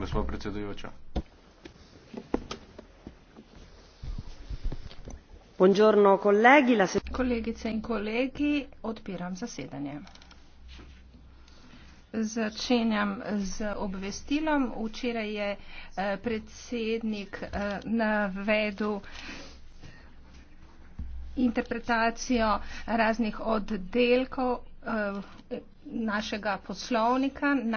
gospa predsedujoča kolegice in kolegi odpiram zasedanje začenjam z obvestilom včeraj je eh, predsednik eh, navedel interpretacijo raznih oddelkov eh, našega poslovnika.